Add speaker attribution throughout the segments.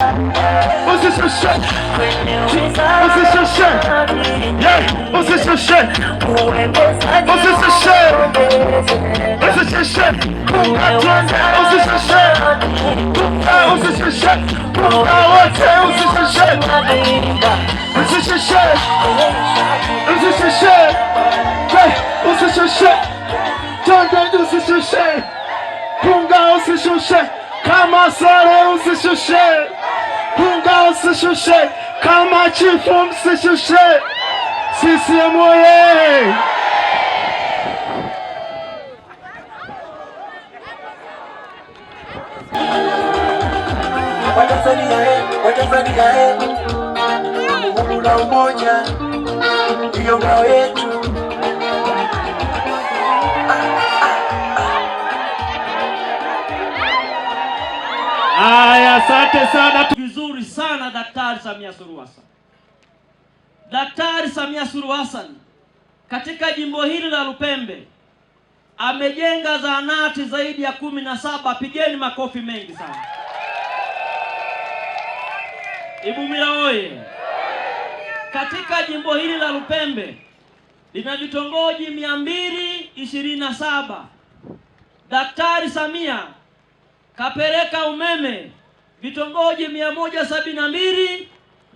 Speaker 1: 我是小谢，我是小谢，耶，我是小谢，我是小谢，我是小谢，不怕我穿，我是小谢，不怕，我是小谢，不怕我穿，我是小谢，我是小谢，我是小谢，耶，我是小谢，天天都是小谢，碰到我是小谢，看我耍的就是小谢。Bunga msishushe, kama chifu msishushe. CCM oye! na umoja ndiyo ngao yetu. Aya, asante sana vizuri sana Daktari Samia Suluhu Hassan. Daktari Samia Suluhu Hassan katika jimbo hili la Lupembe amejenga zahanati zaidi ya kumi na saba. Pigeni makofi mengi sana Ibumila oye! Katika jimbo hili la Lupembe lina vitongoji mia mbili ishirini na saba. Daktari Samia kapeleka umeme vitongoji mia moja sabini na mbili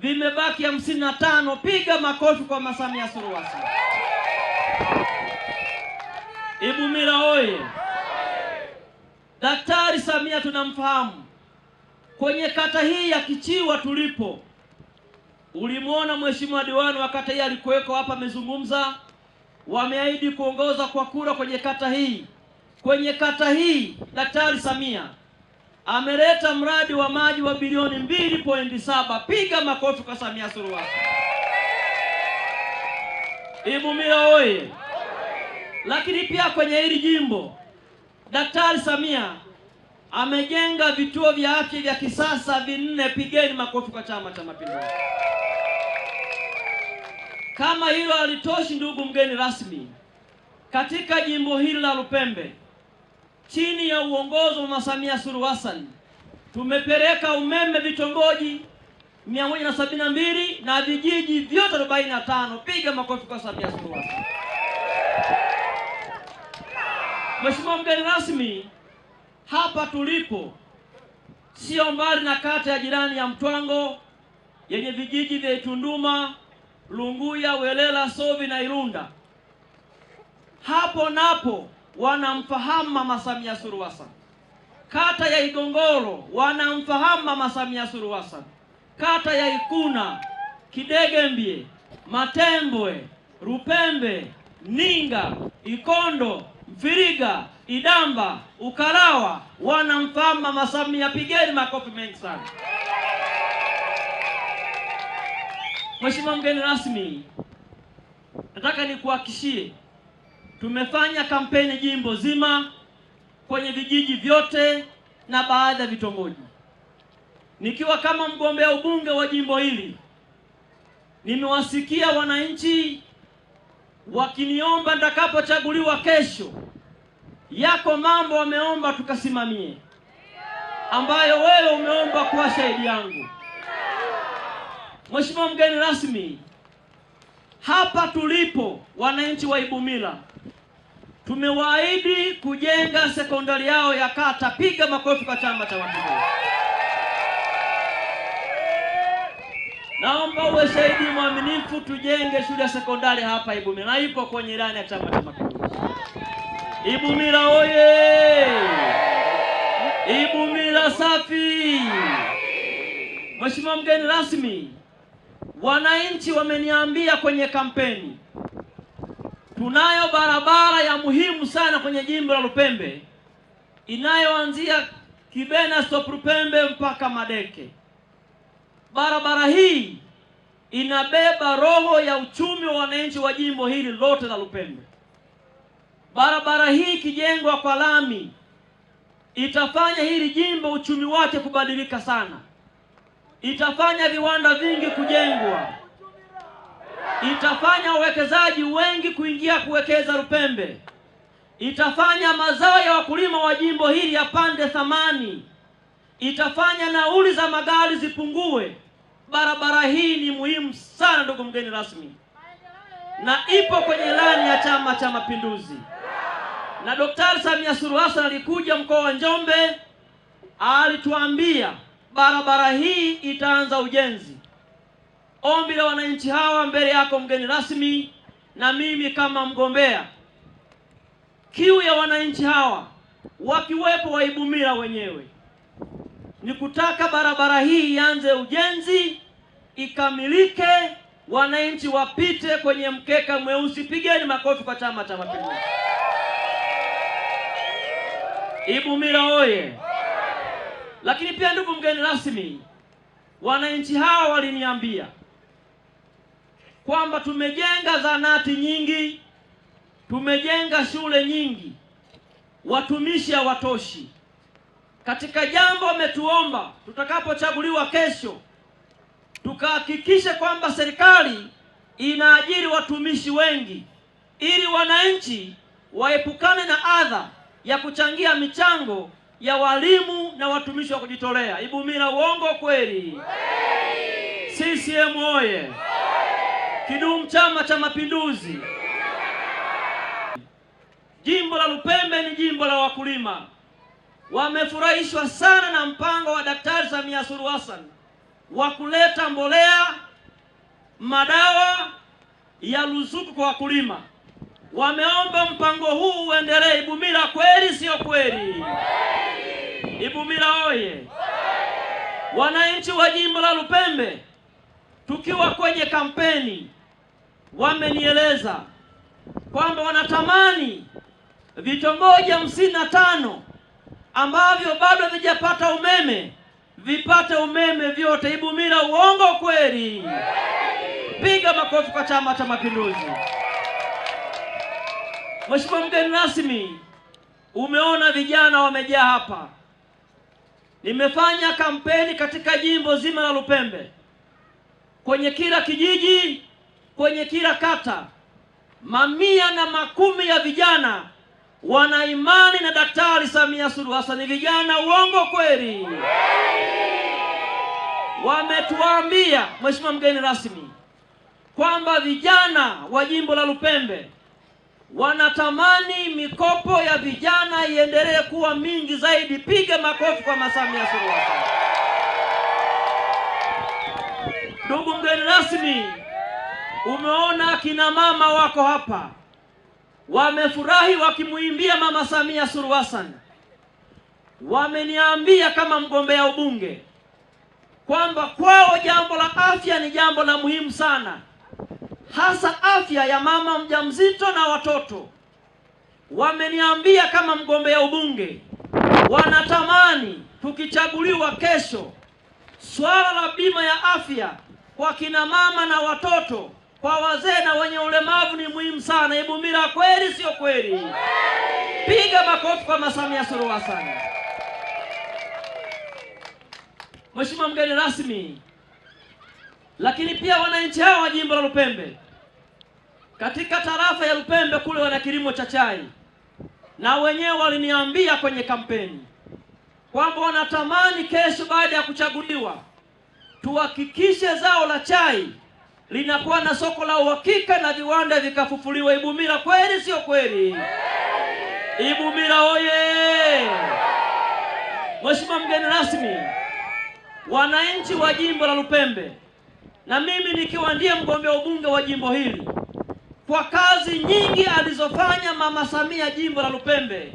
Speaker 1: vimebaki hamsini na tano. Piga makofi kwa masamia Samia Suluhu Hassan. Ibumila oye! Daktari Samia tunamfahamu. Kwenye kata hii ya Kichiwa tulipo, ulimwona mheshimiwa diwani wa kata hii alikuweko hapa, amezungumza. Wameahidi kuongoza kwa kura kwenye kata hii, kwenye kata hii Daktari Samia ameleta mradi wa maji wa bilioni saba. Piga makofi kwa Samia Suluhu Hassan. Ibumila oye! Lakini pia kwenye hili jimbo Daktari Samia amejenga vituo vya afya vya kisasa vinne. Pigeni makofi kwa Chama cha Mapinduzi. Kama hilo halitoshi, ndugu mgeni rasmi, katika jimbo hili la Lupembe chini ya uongozi wa Mama Samia Suluhu Hassan tumepeleka umeme vitongoji 172 na vijiji vyote 45. Piga makofi kwa Samia Suluhu Hassan. Mheshimiwa mgeni rasmi, hapa tulipo sio mbali na kata ya jirani ya Mtwango yenye vijiji vya Itunduma, Lunguya, Welela, Sovi na Irunda. Hapo napo wanamfahamu Mama Samia Suluhu Hassan, kata ya Igongoro wanamfahamu Mama Samia Suluhu Hassan, kata ya Ikuna, Kidegembye, Matembwe, Rupembe, Ninga, Ikondo, Mfiriga, Idamba, Ukalawa wanamfahamu Mama Samia. Pigeni makofi mengi sana. Mheshimiwa mgeni rasmi, nataka nikuhakishie Tumefanya kampeni jimbo zima kwenye vijiji vyote na baadhi ya vitongoji. Nikiwa kama mgombea ubunge wa jimbo hili, nimewasikia wananchi wakiniomba nitakapochaguliwa kesho, yako mambo wameomba tukasimamie, ambayo wewe umeomba kuwa shahidi yangu. Mheshimiwa mgeni rasmi, hapa tulipo wananchi wa Ibumila tumewaahidi kujenga sekondari yao ya kata. Piga makofi kwa Chama cha Mapinduzi. Naomba uwe shahidi mwaminifu, tujenge shule ya sekondari hapa Ibumila na ipo kwenye ilani ya Chama cha Mapinduzi. Ibumila oye! Ibumila safi! Mheshimiwa mgeni rasmi, wananchi wameniambia kwenye kampeni Tunayo barabara ya muhimu sana kwenye jimbo la Lupembe inayoanzia Kibena stop Lupembe mpaka Madeke. Barabara hii inabeba roho ya uchumi wa wananchi wa jimbo hili lote la Lupembe. Barabara hii ikijengwa kwa lami itafanya hili jimbo uchumi wake kubadilika sana, itafanya viwanda vingi kujengwa itafanya wawekezaji wengi kuingia kuwekeza Lupembe, itafanya mazao ya wakulima wa jimbo hili yapande thamani, itafanya nauli za magari zipungue. Barabara hii ni muhimu sana, ndugu mgeni rasmi, na ipo kwenye ilani ya Chama cha Mapinduzi. Na Daktari Samia Suluhu Hassan alikuja mkoa wa Njombe, alituambia barabara hii itaanza ujenzi ombi la wananchi hawa mbele yako mgeni rasmi na mimi kama mgombea. Kiu ya wananchi hawa wakiwepo Waibumila wenyewe ni kutaka barabara hii ianze ujenzi, ikamilike, wananchi wapite kwenye mkeka mweusi. Pigeni makofi kwa Chama cha Mapinduzi! Ibumila oye! Lakini pia ndugu mgeni rasmi, wananchi hawa waliniambia kwamba tumejenga zanati nyingi, tumejenga shule nyingi, watumishi hawatoshi. Katika jambo ametuomba tutakapochaguliwa kesho, tukahakikishe kwamba serikali inaajiri watumishi wengi ili wananchi waepukane na adha ya kuchangia michango ya walimu na watumishi wa kujitolea. Ibumila uongo kweli? CCM oye! Kidumu Chama cha Mapinduzi! Jimbo la Lupembe ni jimbo la wakulima. Wamefurahishwa sana na mpango wa Daktari Samia Suluhu Hassan wa kuleta mbolea, madawa ya ruzuku kwa wakulima. Wameomba mpango huu uendelee. Ibumila kweli, sio kweli? Ibumila oye! Wananchi wa jimbo la Lupembe, tukiwa kwenye kampeni wamenieleza kwamba wanatamani vitongoji hamsini na tano ambavyo bado havijapata umeme vipate umeme vyote. Ibumila, uongo kweli? Piga makofi kwa Chama cha Mapinduzi. Mheshimiwa mgeni rasmi, umeona vijana wamejaa hapa. Nimefanya kampeni katika jimbo zima la Lupembe kwenye kila kijiji kwenye kila kata, mamia na makumi ya vijana wana imani na Daktari Samia Suluhu Hassan. Vijana uongo kweli? Wametuambia Mheshimiwa mgeni rasmi kwamba vijana wa jimbo la Lupembe wanatamani mikopo ya vijana iendelee kuwa mingi zaidi. Piga makofi kwa Samia Suluhu Hassan. Ndugu mgeni rasmi Umeona kina mama wako hapa wamefurahi wakimwimbia Mama Samia Suluhu Hassan. Wameniambia kama mgombea ubunge kwamba kwao jambo la afya ni jambo la muhimu sana, hasa afya ya mama mjamzito na watoto. Wameniambia kama mgombea ubunge, wanatamani tukichaguliwa kesho, swala la bima ya afya kwa kina mama na watoto kwa wazee na wenye ulemavu ni muhimu sana. Ibumila kweli, sio kweli? Piga makofi kwa Masamia Samia Suluhu Hassan. Mheshimiwa mgeni rasmi, lakini pia wananchi hawa wa jimbo la Lupembe katika tarafa ya Lupembe kule wana kilimo cha chai, na wenyewe waliniambia kwenye kampeni kwamba wanatamani kesho baada ya kuchaguliwa tuhakikishe zao la chai linakuwa na soko la uhakika na viwanda vikafufuliwa. Ibumila kweli, sio kweli? Ibumila oye! Mheshimiwa mgeni rasmi, wananchi wa jimbo la Lupembe na mimi nikiwa ndiye mgombea ubunge wa jimbo hili, kwa kazi nyingi alizofanya Mama Samia jimbo la Lupembe,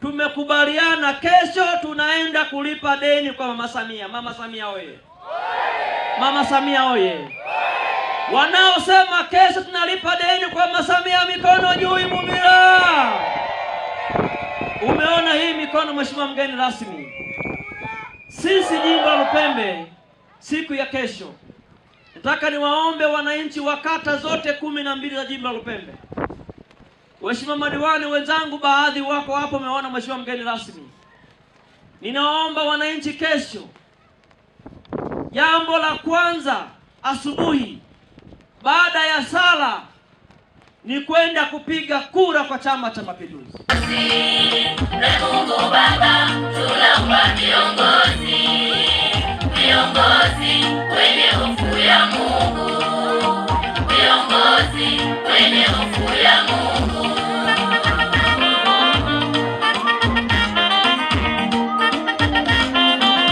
Speaker 1: tumekubaliana kesho tunaenda kulipa deni kwa Mama Samia. Mama Samia oye! Mama Samia oye! wanaosema kesho tunalipa deni kwa masamia, mikono juu imumila. Umeona hii mikono, mheshimiwa mgeni rasmi. Sisi jimbo la Lupembe, siku ya kesho nataka niwaombe wananchi wa kata zote kumi na mbili za jimbo la Lupembe. Waheshimiwa madiwani wenzangu, baadhi wako hapo, umeona mheshimiwa mgeni rasmi, ninawaomba wananchi kesho, jambo la kwanza asubuhi baada ya sala ni kwenda kupiga kura kwa Chama cha Mapinduzi.